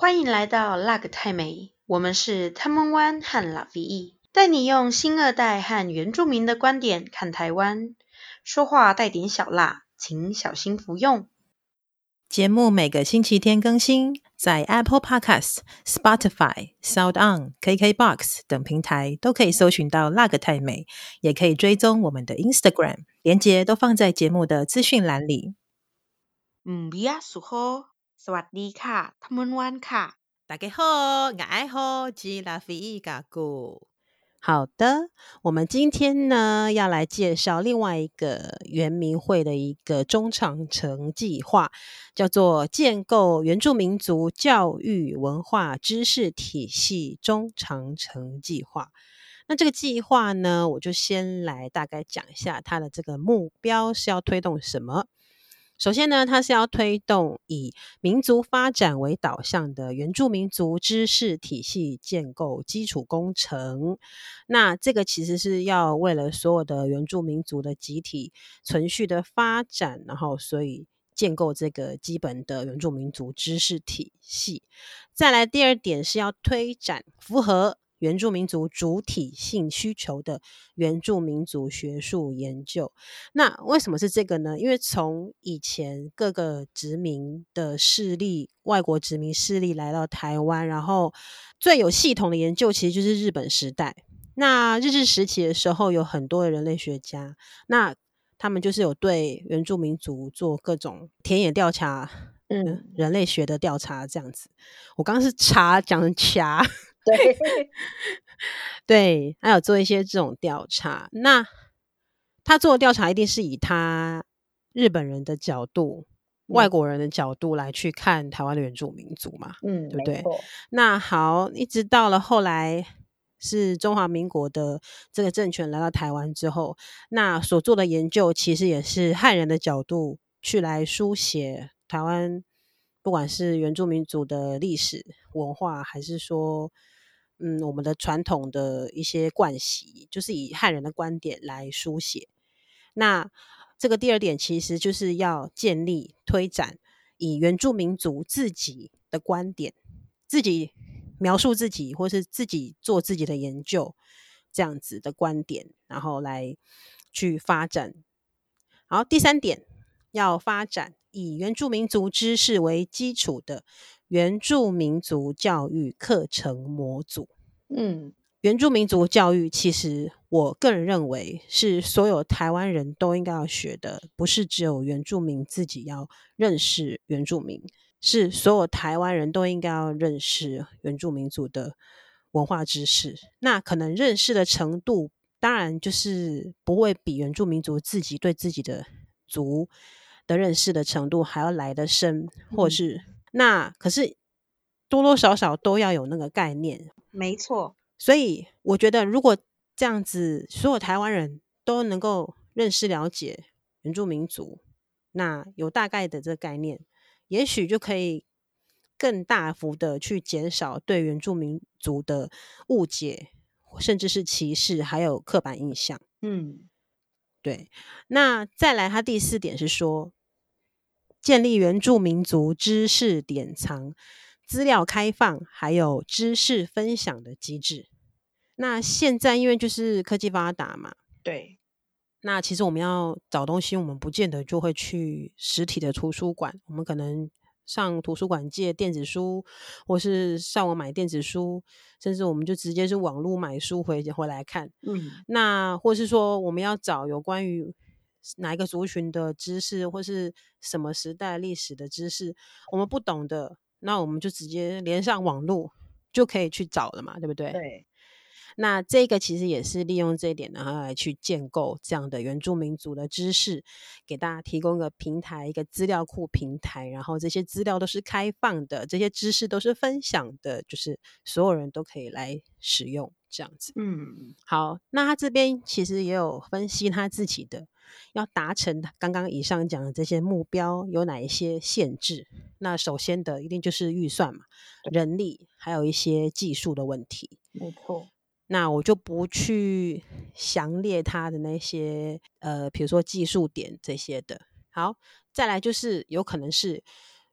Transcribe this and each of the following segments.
歡迎來到《辣個太美》，我們是 Tamenwan 和 Lavie。帶你用新二代和原住民的觀點看台灣，說話帶點小辣，請小心服用。節目每個星期天更新，在 Apple Podcast、Spotify、SoundOn、KKBox 等平台都可以搜尋到《辣個太美》，也可以追蹤我們的 Instagram，連結都放在節目的資訊欄裡。嗯，不要說好。สวัส他們ค่，大家好，我愛好吉拉飛嘎古。 好的，我們今天呢要來介紹另外一個原民會的一個中長程計劃，叫做建構原住民族教育文化知識體系中長程計劃。那這個計劃呢，我就先來大概講一下它的這個目標是要推動什麼。首先呢，它是要推動以民族發展為導向的原住民族知識體系建構基礎工程。那這個其實是要為了所有的原住民族的集體存續的發展，然後所以建構這個基本的原住民族知識體系。再來，第二點是要推展符合。原住民族主體性需求的原住民族學術研究，那為什麼是這個呢？因為從以前各個殖民的勢力、外國殖民勢力來到台灣，然後最有系統的研究其實就是日本時代。那日治時期的時候，有很多的人類學家，那他們就是有對原住民族做各種田野調查，嗯，人類學的調查這樣子。我剛剛是“查”講成“掐”。對對，還 有做一些這種調查。那他做的調查一定是以他日本人的角度、嗯、外國人的角度來去看台灣的原住民族嘛？嗯，對不對？沒錯。那好，一直到了後來是中華民國的這個政權來到台灣之後，那所做的研究其實也是漢人的角度去來書寫台灣，不管是原住民族的歷史文化，還是說。嗯，我們的傳統的一些慣習，就是以漢人的觀點來書寫。那這個第二點，其實就是要建立、推展以原住民族自己的觀點，自己描述自己，或是自己做自己的研究，這樣子的觀點，然後來去發展。好，第三點，要發展以原住民族知識為基礎的。原住民族教育課程模組，嗯，原住民族教育其實我個人認為是所有台灣人都應該要學的，不是只有原住民自己要認識原住民，是所有台灣人都應該要認識原住民族的文化知識。那可能認識的程度，當然就是不會比原住民族自己對自己的族的認識的程度還要來得深，嗯，或是。那可是多多少少都要有那個概念，沒錯。所以我覺得，如果這樣子，所有台灣人都能夠認識了解原住民族，那有大概的這個概念，也許就可以更大幅的去減少對原住民族的誤解，甚至是歧視，還有刻板印象。嗯，對。那再來，他第四點是說。建立原住民族知識典藏、資料開放，還有知識分享的機制。那現在因為就是科技發達嘛，對。那其實我們要找東西，我們不見得就會去實體的圖書館，我們可能上圖書館借電子書，或是上網買電子書，甚至我們就直接是網絡買書回回來看。嗯。那或是說我們要找有關於。哪一個族群的知識，或是什麼時代歷史的知識，我們不懂的，那我們就直接連上網絡，就可以去找了嘛，對不對？對。那這個其實也是利用這一點，然後來去建構這樣的原住民族的知識，給大家提供一個平台，一個資料庫平台。然後這些資料都是開放的，這些知識都是分享的，就是所有人都可以來使用，這樣子。嗯，好。那他這邊其實也有分析他自己的，要達成剛剛以上講的這些目標，有哪一些限制？那首先的一定就是預算嘛，人力，還有一些技術的問題。沒錯。那我就不去詳列他的那些呃，比如說技術點這些的。好，再來就是有可能是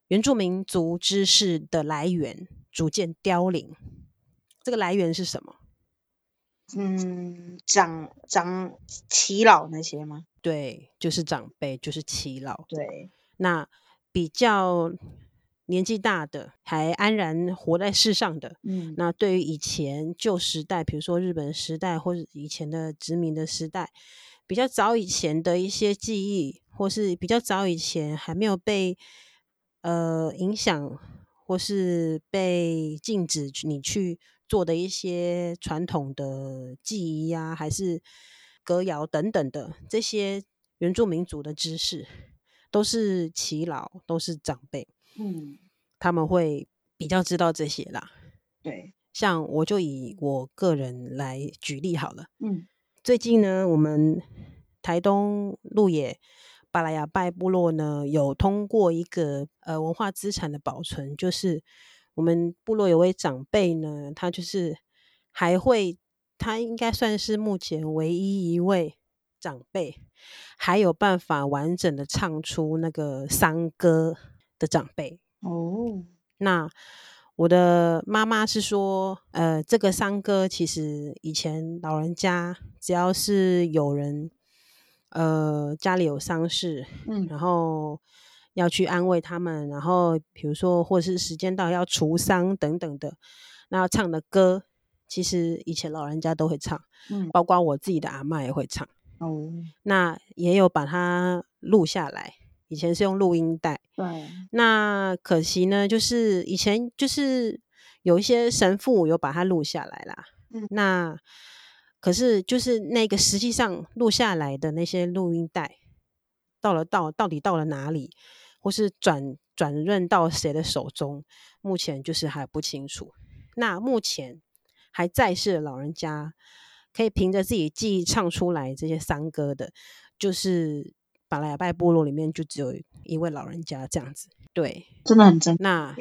原住民族知識的來源逐漸凋零，這個來源是什麼？嗯，長長耆老那些嗎？對，就是長輩，就是耆老。對，那比較。年紀大的還安然活在世上的，嗯，那對於以前舊時代，比如說日本時代或者以前的殖民的時代，比較早以前的一些記憶，或是比較早以前還沒有被呃影響或是被禁止你去做的一些傳統的記憶呀、啊，還是歌謠等等的這些原住民族的知識，都是耆老，都是長輩。嗯，他們會比較知道這些啦。對，像我就以我個人來舉例好了。嗯，最近呢，我們台東鹿野巴拉雅拜部落呢，有通過一個呃文化資產的保存，就是我們部落有位長輩呢，他就是還會，他應該算是目前唯一一位長輩，還有辦法完整的唱出那個喪歌。的長輩哦，oh. 那我的媽媽是說，呃，這個喪歌，其實以前老人家只要是有人，呃，家裡有喪事，嗯，然後要去安慰他們，然後比如說或者是時間到要除喪等等的，那要唱的歌其實以前老人家都會唱，嗯，包括我自己的阿媽也會唱，哦，oh. 那也有把它錄下來。以前是用錄音帶，對那可惜呢，就是以前就是有一些神父有把它錄下來啦。嗯、哼那可是就是那個實際上錄下來的那些錄音帶，到了到到底到了哪裡，或是轉轉潤到誰的手中，目前就是還不清楚。那目前還在世的老人家可以憑着自己記憶唱出來這些喪歌的，就是。馬來西部落裡面就只有一位老人家這樣子，對，真的很真。那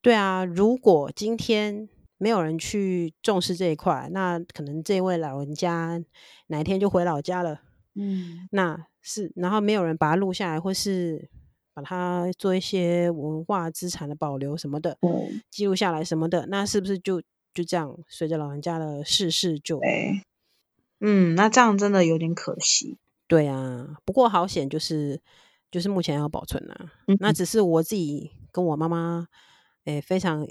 對啊，如果今天沒有人去重視這一塊，那可能這位老人家哪一天就回老家了。嗯，那是，然後沒有人把它錄下來，或是把他做一些文化資產的保留什麼的，嗯、記錄下來什麼的，那是不是就就這樣隨着老人家的逝世事就？嗯，那這樣真的有點可惜。對啊，不過好險，就是就是目前要保存了，啊嗯、哼那只是我自己跟我媽媽，誒、欸、非常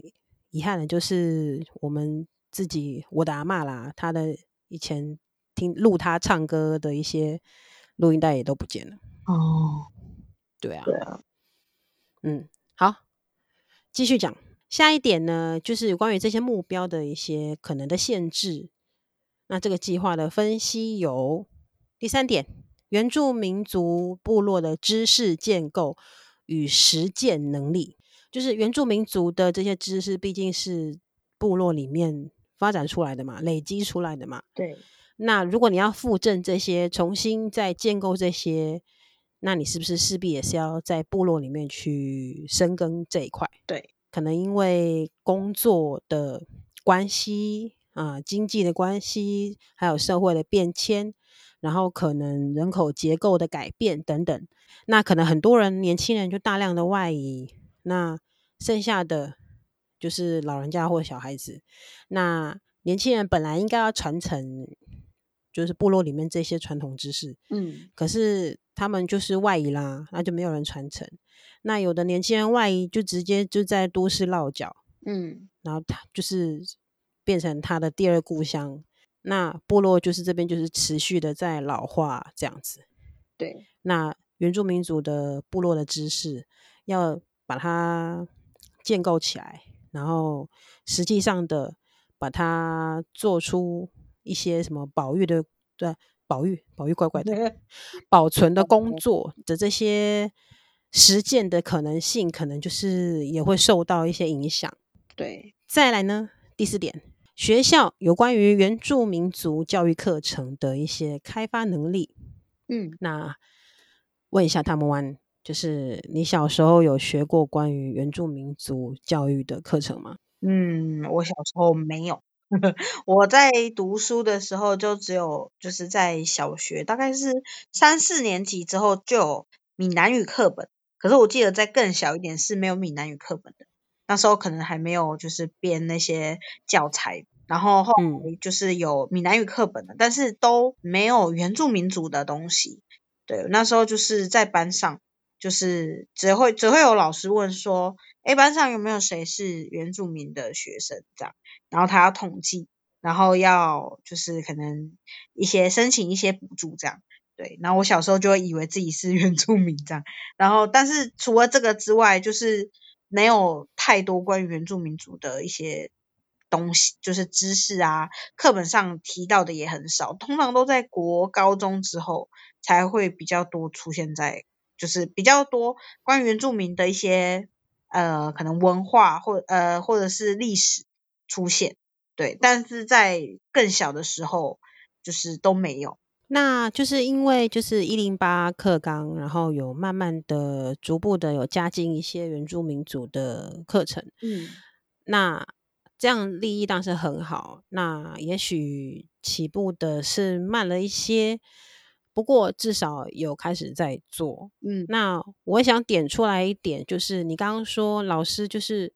遺憾的就是我們自己，我的阿嬤啦，他的以前聽錄他唱歌的一些錄音帶也都不見了。哦，對啊，對啊，嗯，好，繼續講下一點呢，就是關於這些目標的一些可能的限制。那這個計劃的分析有第三點。原住民族部落的知識建構與實踐能力，就是原住民族的這些知識，畢竟是部落裡面發展出來的嘛，累積出來的嘛。對。那如果你要復振這些，重新再建構這些，那你是不是勢必也是要在部落裡面去深耕這一塊？對。可能因為工作的關係啊、呃，經濟的關係，還有社會的變遷。然後可能人口結構的改變等等，那可能很多人年輕人就大量的外移，那剩下的就是老人家或小孩子。那年輕人本來應該要傳承，就是部落裡面這些傳統知識，嗯，可是他們就是外移啦，那就沒有人傳承。那有的年輕人外移就直接就在都市落腳，嗯，然後他就是變成他的第二故鄉。那部落就是這邊就是持續的在老化這樣子，對。那原住民族的部落的知識要把它建構起來，然後實際上的把它做出一些什麼保育的，對啊，保育保育怪怪的，保存的工作的這些實踐的可能性，可能就是也會受到一些影響。對，再來呢，第四點。學校有關於原住民族教育課程的一些開發能力，嗯，那問一下他們玩，就是你小時候有學過關於原住民族教育的課程嗎？嗯，我小時候沒有， 我在讀書的時候就只有就是在小學，大概是三四年級之後就有閩南語課本，可是我記得在更小一點是沒有閩南語課本的。那時候可能還沒有就是編那些教材，然後後來就是有閩南語課本的，嗯，但是都沒有原住民族的東西。對，那時候就是在班上，就是只會只會有老師問說，哎，班上有沒有誰是原住民的學生這樣？然後他要統計，然後要就是可能一些申請一些補助這樣。對，然後我小時候就會以為自己是原住民這樣，然後但是除了這個之外，就是沒有太多關於原住民族的一些東西，就是知識啊，課本上提到的也很少，通常都在國高中之後才會比較多出現在，就是比較多關於原住民的一些呃可能文化或呃或者是歷史出現，對，但是在更小的時候就是都沒有。那就是因為就是一零八課綱，然後有慢慢的、逐步的有加進一些原住民族的課程。嗯，那這樣利益倒是很好。那也許起步的是慢了一些，不過至少有開始在做。嗯，那我想點出來一點，就是你剛剛說老師就是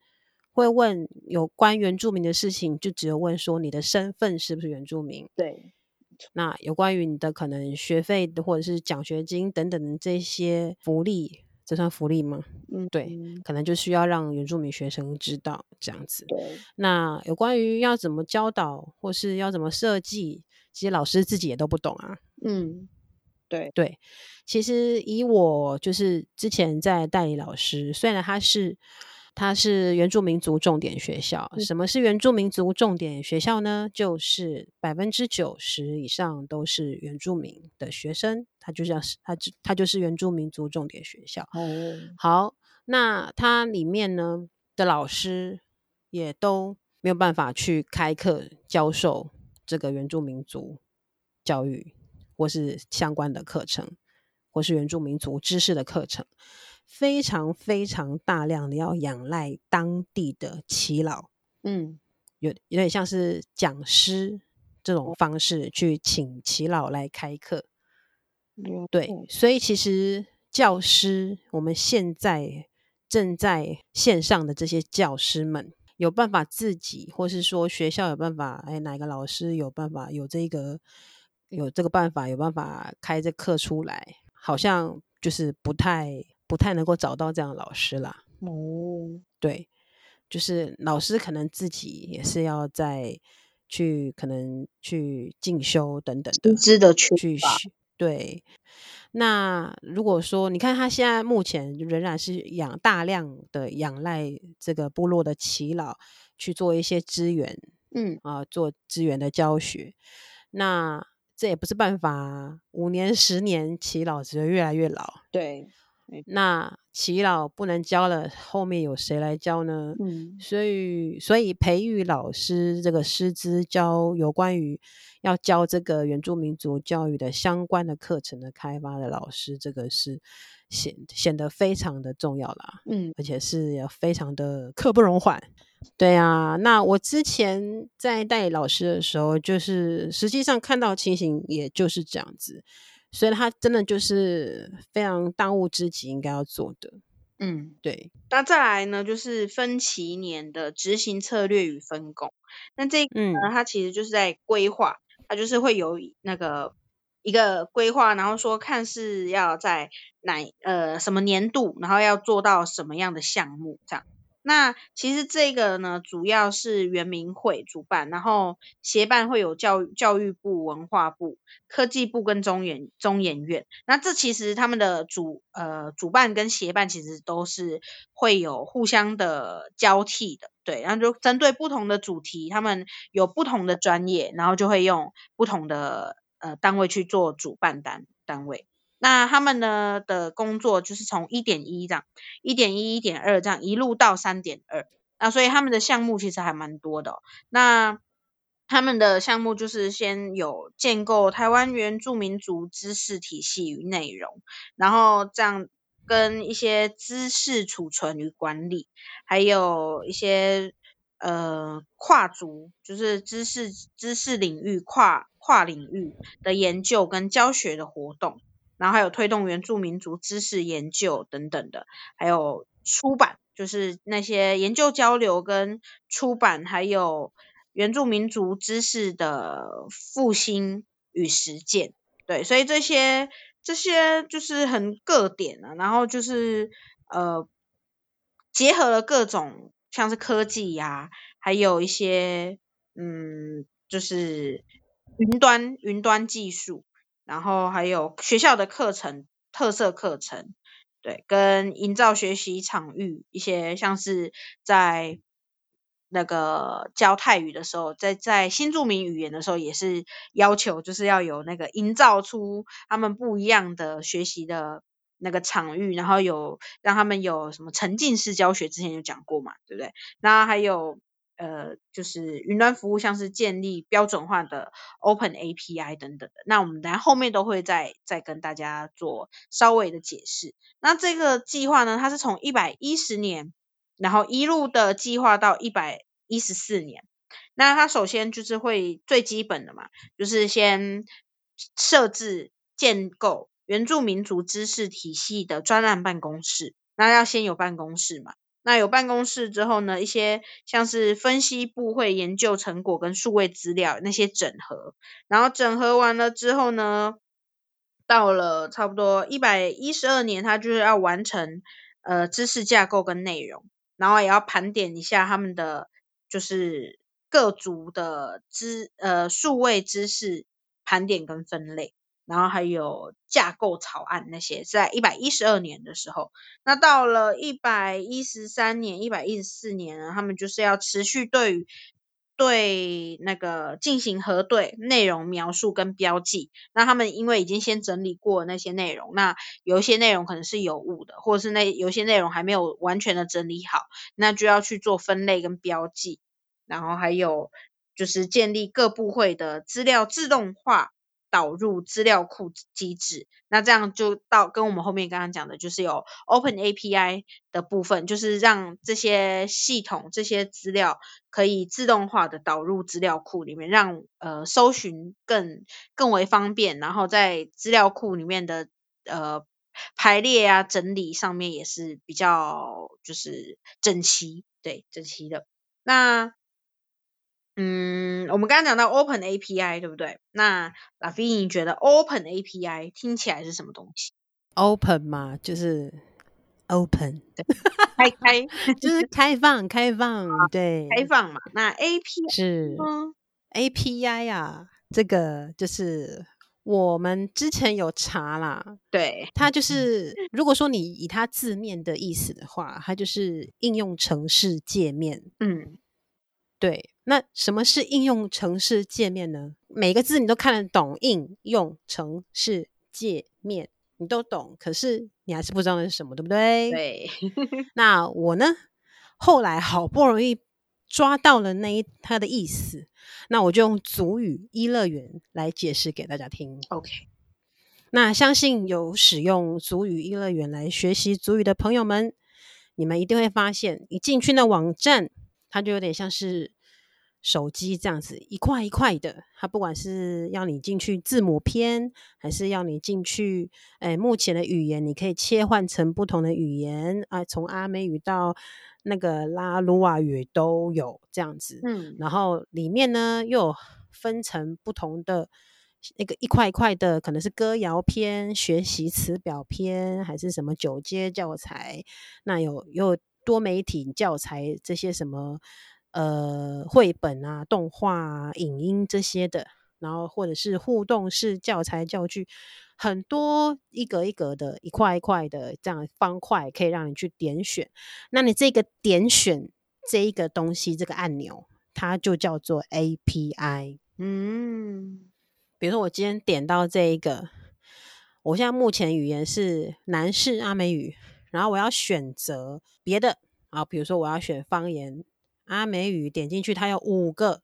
會問有關原住民的事情，就只有問說你的身份是不是原住民？對。那有關於你的可能學費或者是獎學金等等的這些福利，這算福利嗎？嗯，對，可能就需要讓原住民學生知道這樣子。對那有關於要怎麼教導或是要怎麼設計，其實老師自己也都不懂啊。嗯，對對，其實以我就是之前在代理老師，雖然他是。它是原住民族重點學校。什麼是原住民族重點學校呢？嗯，就是百分之九十以上都是原住民的學生，他就是他，他就是原住民族重點學校。哦，嗯，好，那它裡面呢的老師也都沒有辦法去開課教授這個原住民族教育或是相關的課程，或是原住民族知識的課程。非常非常大量的要仰賴當地的耆老，嗯，有有點像是講師這種方式去請耆老來開課，嗯、對，所以其實教師我們現在正在線上的這些教師們有辦法自己，或是說學校有辦法，哎，哪個老師有辦法有這個有這個辦法有辦法開這課出來，好像就是不太。不太能夠找到這樣的老師了哦，oh. 對，就是老師可能自己也是要再去可能去進修等等的，值得去去學。對，那如果說你看他現在目前仍然是養大量的仰賴這個部落的耆老去做一些資源，嗯啊、呃，做資源的教學，那這也不是辦法。五年十年，耆老只會越來越老，對。那耆老不能教了，後面有誰來教呢？嗯，所以所以培育老師這個師資教有關於要教這個原住民族教育的相關的課程的開發的老師，這個是顯顯、嗯、得非常的重要啦。嗯，而且是也非常的刻不容緩。對啊，那我之前在帶老師的時候，就是實際上看到情形也就是這樣子。所以它真的就是非常當務之急應該要做的，嗯，對。那再來呢，就是分期年的執行策略與分工。那這個呢嗯，它其實就是在規劃，它就是會有那個一個規劃，然後說看是要在哪呃什麼年度，然後要做到什麼樣的項目這樣。那其實這個呢，主要是原民會主辦，然後協辦會有教育教育部、文化部、科技部跟中研中研院。那這其實他們的主呃主辦跟協辦其實都是會有互相的交替的，對。然後就針對不同的主題，他們有不同的專業，然後就會用不同的呃單位去做主辦單單位。那他們呢的工作就是從一點一這樣，一點一一點二這樣一路到三點二，那所以他們的項目其實還蠻多的哦。那他們的項目就是先有建構台灣原住民族知識體系與內容，然後這樣跟一些知識儲存與管理，還有一些呃跨族就是知識知識領域跨跨領域的研究跟教學的活動。然後還有推動原住民族知識研究等等的，還有出版，就是那些研究交流跟出版，還有原住民族知識的復興與實踐，對，所以這些這些就是很各點呢、啊。然後就是呃，結合了各種像是科技呀、啊，還有一些嗯，就是雲端雲端技術。然後還有學校的課程特色課程，對，跟營造學習場域一些，像是在那個教泰語的時候，在在新著名語言的時候，也是要求就是要有那個營造出他們不一樣的學習的那個場域，然後有讓他們有什麼沉浸式教學，之前有講過嘛，對不對？然後還有。呃，就是雲端服務，像是建立標準化的 Open API 等等的，那我們等下後面都會再再跟大家做稍微的解釋。那這個計劃呢，它是從一百一十年，然後一路的計劃到一百一十四年。那它首先就是會最基本的嘛，就是先設置建構原住民族知識體系的專案辦公室，那要先有辦公室嘛。那有辦公室之後呢，一些像是分析部會研究成果跟數位資料那些整合，然後整合完了之後呢，到了差不多一百一十二年，他就是要完成呃知識架構跟內容，然後也要盤點一下他們的就是各族的知呃數位知識盤點跟分類。然後還有架構草案那些，在一百一十二年的時候，那到了一百一十三年、一百一十四年呢，他們就是要持續對於對那個進行核對內容描述跟標記。那他們因為已經先整理過那些內容，那有一些內容可能是有誤的，或者是那有些內容還沒有完全的整理好，那就要去做分類跟標記。然後還有就是建立各部會的資料自動化，導入資料庫機制，那這樣就到跟我們後面剛剛講的，就是有 Open API 的部分，就是讓這些系統這些資料可以自動化的導入資料庫裡面，讓呃搜尋更更為方便，然後在資料庫裡面的呃排列啊整理上面也是比較就是整齊，對整齊的。那嗯，我們剛剛講到 Open API，對不對？那老 u 你覺得 Open API 聽起來是什麼東西？Open 嘛，就是 Open，對，開開，就是開放，開放，啊、對，開放嘛。那 API 是嗎 API 啊，這個就是我們之前有查啦。對，它就是、嗯、如果說你以它字面的意思的話，它就是應用程式界面。嗯，對。那什麼是應用程式介面呢？每個字你都看得懂，應用程式介面你都懂，可是你還是不知道那是什麼，對不對？對。 那我呢，後來好不容易抓到了那一它的意思，那我就用族語 E 樂園來解釋給大家聽。OK。那相信有使用族語 E 樂園來學習族語的朋友們，你們一定會發現，一進去那網站，它就有點像是。手機這樣子一塊一塊的，它，不管是要你進去字母篇，還是要你進去，哎，目前的語言，你可以切換成不同的語言啊，從阿美語到那個拉魯瓦語都有這樣子。嗯，然後裡面呢又有分成不同的那個一塊一塊的，可能是歌謠篇、學習詞表篇，還是什麼九階教材？那有又多媒體教材這些什麼？呃，繪本啊、動畫、啊、影音這些的，然後或者是互動式教材教具，很多一格一格的、一塊一塊的這樣方塊，可以讓你去點選。那你這個點選這一個東西，這個按鈕，它就叫做 API。嗯，比如說我今天點到這一個，我現在目前語言是南勢阿美語，然後我要選擇別的啊，比如說我要選方言。阿美語點進去，它有五個：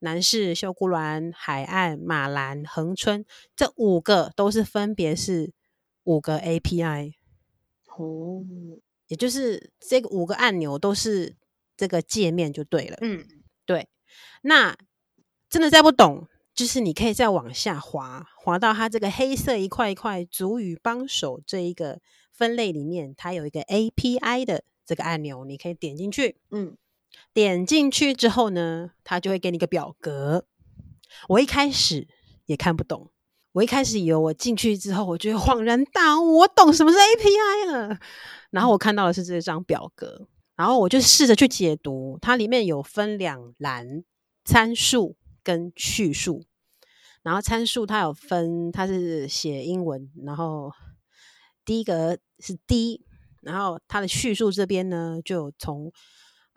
南勢、秀姑巒、海岸、馬蘭、恆春，這五個都是分別是五個 API 哦，嗯、也就是這個五個按鈕都是這個界面就對了。嗯，對。那真的再不懂，就是你可以再往下滑，滑到它這個黑色一塊一塊“族語幫手”這一個分類裡面，它有一個 API 的這個按鈕，你可以點進去。嗯。點進去之後呢，它就會給你個表格。我一開始也看不懂，我一開始以為我進去之後我就會恍然大悟，我懂什麼是 API 了。然後我看到的是這張表格，然後我就試着去解讀，它裡面有分兩欄，參數跟敘述，然後參數它有分，它是寫英文。然後第一個是 D，然後它的敘述這邊呢就有從。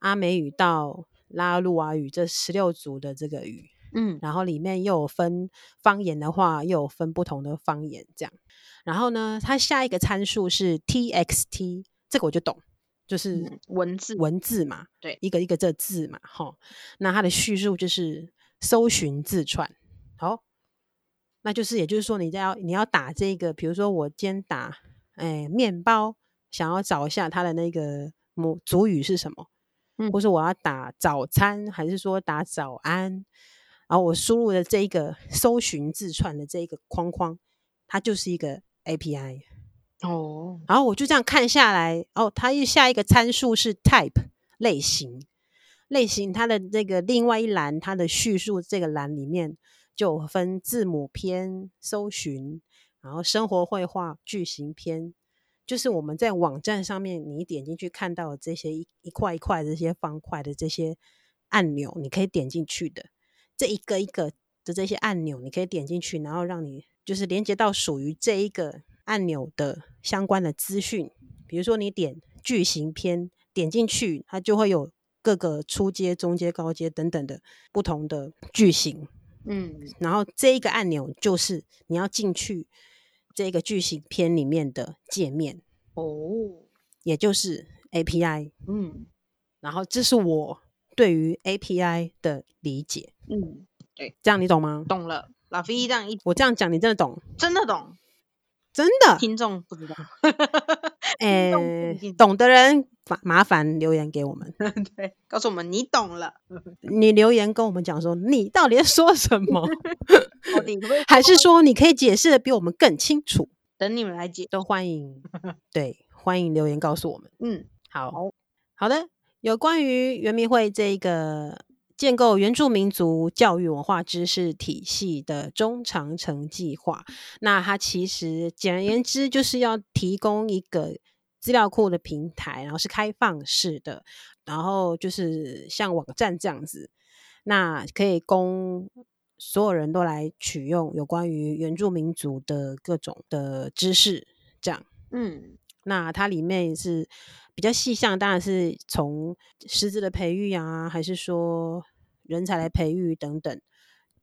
阿美語到拉路阿、啊、語這十六族的這個語，嗯，然後裡面又有分方言的話，又有分不同的方言這樣。然後呢，它下一個參數是 txt，這個我就懂，就是文字文字嘛，對，一個一個這個字嘛，哈。那它的敘述就是搜尋字串，好、哦，那就是也就是說你要，你要你要打這個，比如說我今天打哎麵包，想要找一下它的那個族語是什麼。不是我要打早餐，還是說打早安？然後我輸入的這一個搜尋字串的這一個框框，它就是一個 API 哦。然後我就這樣看下來，哦，它一下一個參數是 type 類型，類型它的這個另外一欄，它的敘述這個欄裡面就分字母篇搜尋，然後生活繪畫句型篇。就是我們在網站上面，你點進去看到的這些一一塊一塊的這些方塊的這些按鈕，你可以點進去的這一個一個的這些按鈕，你可以點進去，然後讓你就是連接到屬於這一個按鈕的相關的資訊。比如說你點句型篇，點進去它就會有各個初階、中階、高階等等的不同的句型。嗯，然後這一個按鈕就是你要進去。這個劇情片裡面的界面哦，也就是 API，嗯，然後這是我對於 API 的理解，嗯，對，這樣你懂嗎？懂了，老一，這樣一，我這樣講你真的懂，真的懂。真的，聽眾不知道，哎、欸，懂的人麻麻煩留言給我們， 對，告訴我們你懂了，你留言跟我們講說你到底在說什麼， 還是說你可以解釋的比我們更清楚？等你們來解，都歡迎，對，歡迎留言告訴我們。嗯，好好的，有關於原民會這一個。建構原住民族教育文化知識體系的中長程計畫，那它其實簡而言之就是要提供一個資料庫的平台，然後是開放式的，然後就是像網站這樣子，那可以供所有人都來取用有關於原住民族的各種的知識，這樣。嗯，那它裡面是比較細項，當然是從師資的培育啊，還是說人才來培育等等，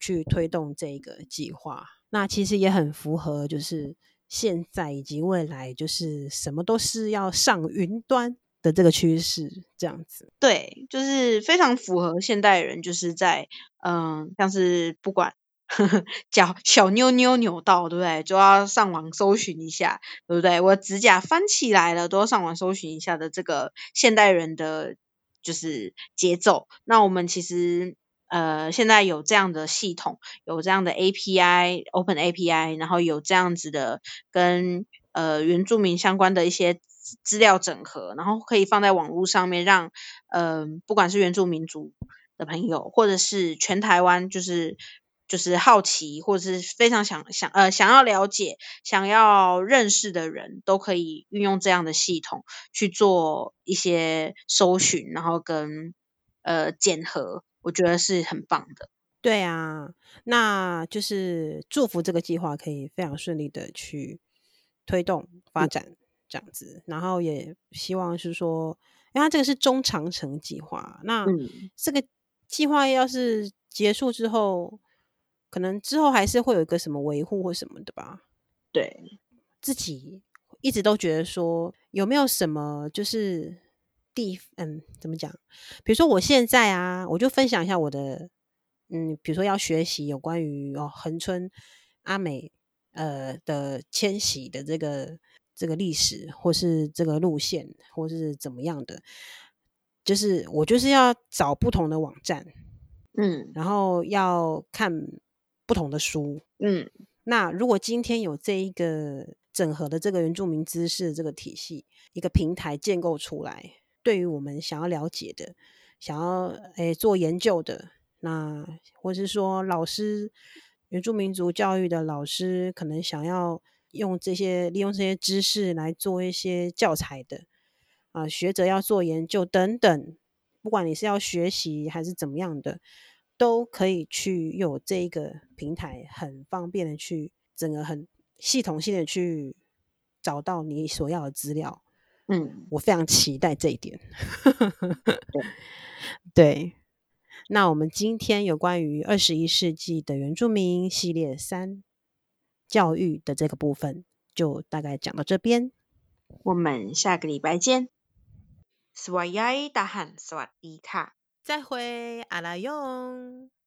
去推動這個計劃。那其實也很符合，就是現在以及未來，就是什麼都是要上雲端的這個趨勢，這樣子。對，就是非常符合現代人，就是在嗯，像是不管呵呵叫小妞妞扭到，對不對？就要上網搜尋一下，對不對？我指甲翻起來了，都要上網搜尋一下的這個現代人的就是節奏。那我們其實。呃，現在有這樣的系統，有這樣的 API，Open API，然後有這樣子的跟呃原住民相關的一些資料整合，然後可以放在網絡上面讓，讓、呃、嗯不管是原住民族的朋友，或者是全台灣就是就是好奇或者是非常想想呃想要了解、想要認識的人都可以運用這樣的系統去做一些搜尋，然後跟呃檢核。我覺得是很棒的，對啊，那就是祝福這個計劃可以非常順利的去推動發展這樣子，嗯、然後也希望是說，因為它這個是中長程計劃，那這個計劃要是結束之後，嗯、可能之後還是會有一個什麼維護或什麼的吧？對，自己一直都覺得說有沒有什麼就是。地嗯，怎麼講？比如說我現在啊，我就分享一下我的嗯，比如說要學習有關於哦，恆春阿美呃的遷徙的這個這個歷史，或是這個路線，或是怎麼樣的，就是我就是要找不同的網站，嗯，然後要看不同的書，嗯。那如果今天有這一個整合的這個原住民知識這個體系，一個平台建構出來。對於我們想要了解的、想要誒、欸、做研究的，那或是說老師、原住民族教育的老師，可能想要用這些利用這些知識來做一些教材的啊，學者要做研究等等，不管你是要學習還是怎麼樣的，都可以去有這個平台，很方便的去整個很系統性的去找到你所要的資料。嗯，我非常期待這一點。 對，對，那我們今天有關於二十一世紀的原住民系列三教育的這個部分，就大概講到這邊。我們下個禮拜見。สวัส、啊、ดีท่านสวัสดีค่ะ。再會，阿拉勇。